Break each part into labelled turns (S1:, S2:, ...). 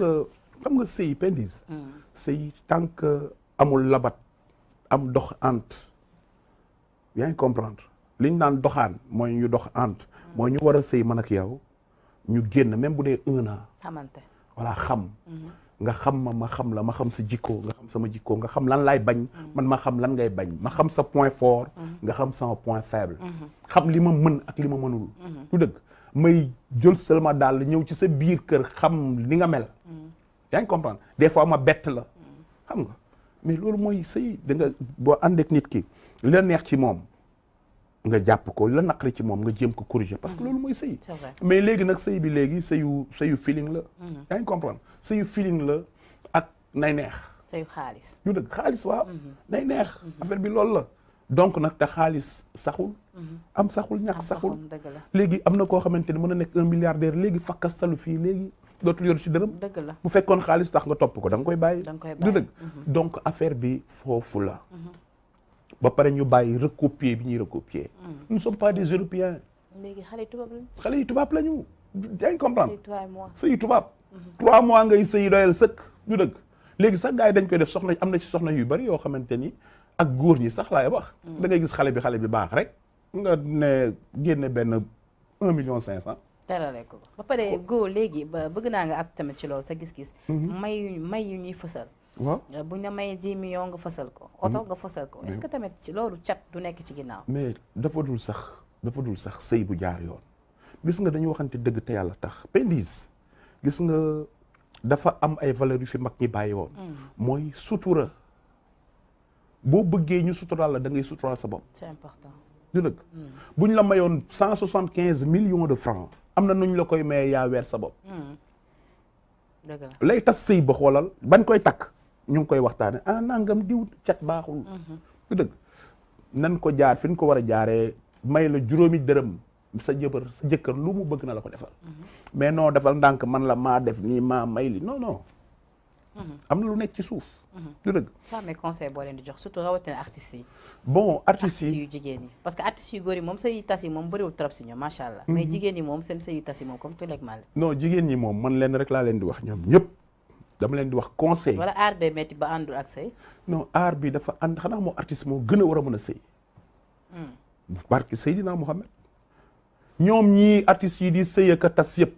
S1: nga xam nga sëy pendis sëy tant que amul labat am dox ant yaa ngi comprendre li ñu doxaan mooy ñu dox ant mooy ñu war a sëy man ak yow ñu génn même bu dee un an xamante voilà xam mhm. nga xam ma ma xam la ma xam sa jikko nga xam sama jikko nga xam lan laay bañ mhm. man ma xam lan ngay bañ ma xam sa point fort mhm. nga xam sama point faible xam li ma mën ak li ma mënul du dëgg may jël seulement daal ñëw ci sa biir kër xam li nga mel yaa ngi comprendre des fois ma bett la xam nga mais loolu mooy sëy danga boo ànd nit ki la neex ci moom nga jàpp ko la naqari ci moom nga jéem ko corriger parce que mm-hmm. loolu mooy
S2: sëy mais
S1: léegi nag sëy bi léegi sëyu sëyu feeling la mm-hmm. yaa ngi comprendre sëyu feeling la ak nay neex
S2: sëyu xaalis ñu
S1: dëgg xaalis waaw mm-hmm. nay neex affaire bi loolu la donc nag te xaalis saxul am saxul ñàkk saxul léegi am na koo xamante ne mën a nekk un milliardaire léegi fakkastalu fii léegi dootul yor si dërëm. dëgg la bu fekkoon xaalis tax nga topp ko da nga koy bàyyi. da nga koy du dëgg mhm. donc affaire bi foofu la. Mhm. ba pare ñu bàyyi recopier bi ñuy recopier. Mhm. nous ne sommes pas des européens.
S2: léegi xale yu tubaab lañu.
S1: xale yu tubaab lañu. yaa ngi comprendre sëy tubaab. trois mois ngay sëy doyal sëkk du dëgg. léegi sax gars yi dañ koy def soxna am na ci soxna yu bari yoo xamante ni ak góor ñi sax laay wax. da ngay gis xale bi xale bi baax rek. nga ne génne benn un million cinq cent.
S2: terale ko ba pare go léegi bëgg naa nga at tamit ci loolu sa gis-gis. Mhm. may yu may yu ñuy fësal. waaw euh, buñ la mayee dix millions nga fësal ko. Mhm. oto nga fësal ko est-ce que tamit ci loolu cat du nekk ci ginnaaw.
S1: mais dafa dul sax dafa dul sax sëy bu jaar yoon gis nga dañu waxante dëgg yàlla tax pendise gis nga dafa am ay valeurs yu fi mag ñi bàyyi woon. Mhm. mooy sutura. boo bëggee ñu suturaal la da ngay suturaal sa bopp. c'est important. du dëgg. buñ la mayoon cent soixante quinze millions de francs. am na nuñ la koy maye yaa weer sa bopp.
S2: Hmm. dëgg
S1: lay tas sëy ba xoolal bañ koy takk ñu ngi koy waxtaane ah nangam diw cat baaxul. du hmm. dëgg nan ko jaar fi ñu ko war a jaaree may la juróomi dërëm sa jëbar sa jëkkër lu mu bëgg na la ko defal. Hmm. mais non defal ndànk man la maa def nii maa may li non am na lu nekk ci suuf.
S2: du dëgg. soo amee conseil boo leen di jox surtout rawatina artistes yi.
S1: bon artistes yi yu
S2: jigéen yi parce que artistes yu góor yi moom sëy tas yi moom bëriwul trop si ñoom macha allah. mais mhm. jigéen yi moom seen sëy tas yi moom comme
S1: moom man leen rek laa leen di wax ñoom ñëpp dama leen di wax conseil. wala
S2: aar bee métti ba àndul ak sëy.
S1: non aar bi dafa ànd xanaa moo artiste moo gën a war a mën a sëy. Hmm. barke Seydina Mohamed ñoom ñii artistes yi di sëy ak tas yëpp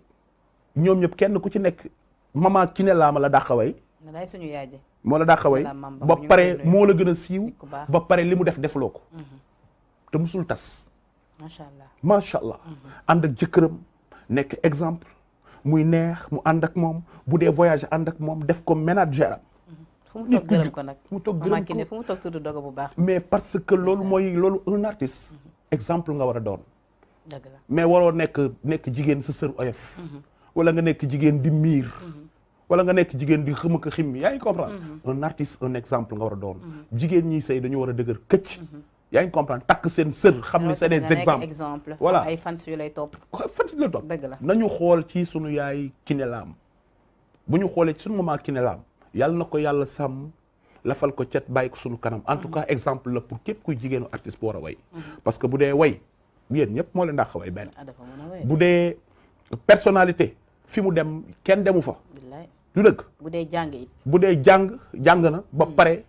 S1: ñoom ñëpp kenn ku ci nekk mama Kiné Lam la dàqaway moo la dàq way ba pare moo la gën a siiw ba pare li mu def defloo ko mhm. te musul tas macha allah macha allah mhm. ànd ak jëkkëram nekk exemple muy neex mu ànd ak moom bu dee voyage ànd ak moom def ko ménagère
S2: am mhm. fu mu toog gërëm ko nag fu mu toog gërëm ko fu mu toog tudd dogo bu baax
S1: mais parce que loolu mooy loolu un artiste exemple nga war a doon dëgg mais waroo nekk nekk jigéen sa sër oyof wala nga nekk jigéen di miir wala nga nekk jigéen di xëm ak xim yaa ngi comprendre mhm. un artiste un exemple nga war a doon mhm. jigéen ñiy sëy dañu war a dëgër këcc mhm. yaa ngi takk seen sër xam ni c'est des exemples
S2: voilà ay fans yu lay topp fans yu lay topp dëgg xool
S1: ci sunu yaay Kiné Lam bu ñu xoolee ci sunu maman Kiné Lam yàlla na ko yàlla sàmm lafal ko cet bàyyi ko sunu kanam en tout cas exemple la pour képp kuy jigéenu artiste bu war a way parce que bu dee way yéen ñëpp moo leen dàq way benn ah, bu dee personnalité fi mu dem kenn demu fa du dëgg. bu dee jàng bu dee jàng jàng na ba hmm. pare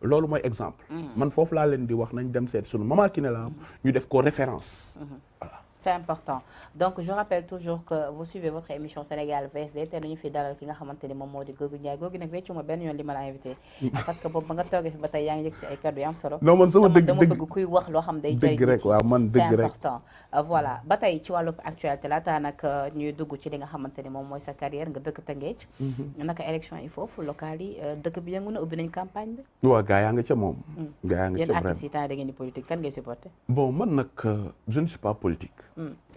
S1: loolu mooy exemple. Hmm. man foofu laa leen di wax nañ dem seet sunu mama Kiné la am hmm. ñu def ko référence.
S2: voilà. c'est important donc je rappelle toujours que vous suivez votre émission Sénégal VSD te nañu fi dalal ki nga xamante ni moom moo di Gorgui Ndiaye Gorgui nag réccu ma benn yoon li ma la invité parce que boobu ba nga toogee fi ba tey yaa ngi yëg ci ay kàddu yu am solo non man sama dëgg dama bëgg kuy wax loo xam day jëriñ rek waaw man dëgg rek c'est important voilà ba tey ci wàllu actualité laata nag euh, ñuy dugg ci li nga xamante ni moom mooy sa carrière nga dëkk Tëngéej mm-hmm. naka élection yi foofu locales yi euh, dëkk bi yëngu na ubbi nañ campagne
S1: bi waaw gaa yaa nga ca moom mm. gaa yaa nga ca yéen artistes yi
S2: temps da ngeen di politique kan ngay supporter
S1: bon man nag euh, je ne suis pas politique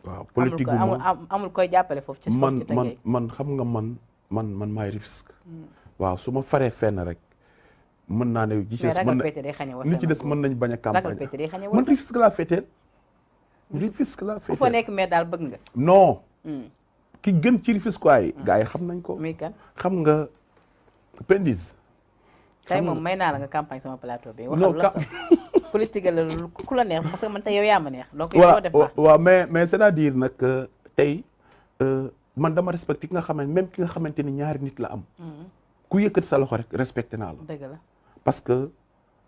S1: waaw politique gu
S2: amul koy jàppale foofu ci man man
S1: man xam nga man man man maay risque. Hmm. waaw su ma faree fenn rek mën naa ne. li ci des mën nañ bañ a campagne man risque laa féeteel. Rufisque la féetee ku fa nekk
S2: mais daal bëgg nga. non. Hmm.
S1: ki gën ci Rufisque waay. Hmm. gars yi xam nañ ko. muy xam nga Pendis.
S2: tey moom may naa la nga campagne sama plateau bi. waxal la sax politique la ku la neex parce que man tey yow yaa ma neex. donc yow doo def baax
S1: waaw mais mais c'est-à-dire nag euh, tey euh, man dama respecté ki nga xamante même ki nga xamante ni ñaari nit la am. Mm-hmm. ku yëkkat sa loxo rek respecté naa la. la parce que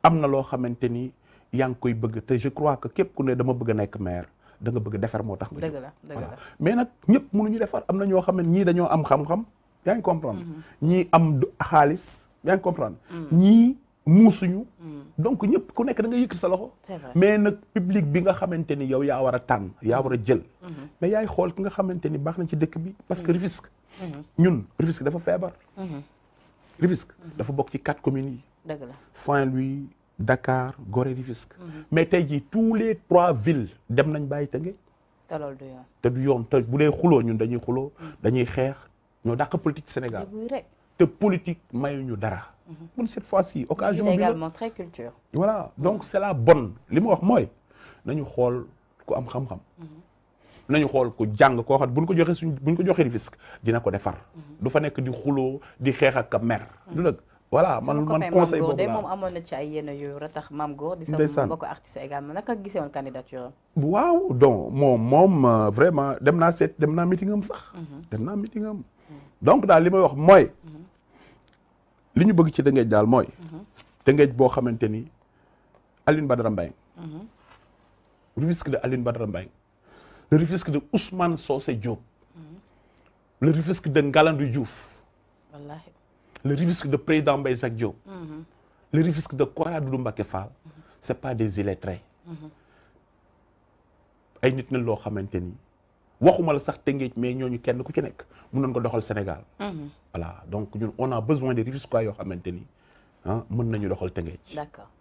S1: am na loo xamante ni yaa ngi koy bëgg te je crois que képp ku ne dama bëgg nekk maire. danga bëgg defar moo tax nga dëgg la dëgg la mais nag ñëpp mënuñu defar am na ñoo xam ne ñii dañoo am xam-xam yaa ngi comprendre mm-hmm. xaalis yaa ngi comprendre mm-hmm. ñii muusuñu hmm. donc ñëpp ku nekk da nga yëkkati sa loxo mais nag public bi nga xamante ni yow yaa war a tànn yaa war a jël hmm. mais yaay xool ki nga xamante ni baax na ci dëkk bi parce que hmm. Rufisque ñun Rufisque dafa feebar Rufisque dafa bokk ci quatre commune yi dëgg la Saint-Louis Dakar Gorée mais tey jii tous les trois villes dem nañ bàyyi tënge te loolu du yoon te du yoon te bu dee xuloo ñun dañuy xuloo dañuy xeex ñoo dàq politique Sénégal te politique mayuñu dara mun cette fois-ci occasion bi également très donc c'est la bonne li ma wax mooy nañu xool ku am xam-xam. Mhm. nañu xool ku jàng ko xam buñ ko joxee suñ buñ ko joxee risque dina ko defar. Mhm. du fa nekk di xuloo di xeex ak a mer. Mhm. du dëgg voilà man man conseil boobu laa moom
S2: amoon na ci ay yenn yu di sama mbokk artiste également naka gisee woon candidature
S1: waaw donc moom moom euh, vraiment dem naa seet dem naa meeting am sax. dem naa meeting am. donc daal li wax mooy. li ñu bëgg ci Tëngéej daal mooy. Mhm. Tëngéej boo xamante ni Aline Badara Mbengue. Mhm. Rufisque de Aline Badara Mbengue. le Rufisque de Ousmane Socé Diop. Mhm. le Rufisque de Ngalandou Diouf. wallaahi le Rufisque de président Mbaye Jacques Diop. le Rufisque de Kora Doudou Mbacké Fall. c'est pas des illettrés. ay nit na loo xamante ni. waxuma la sax Tëngéej mais ñooñu kenn ku ci nekk mun na ko doxal Sénégal. Mhm. voilà donc ñun on a besoin de Rufisquois yoo xamante ni ah mën nañu doxal Tëngéej.
S2: d'accord.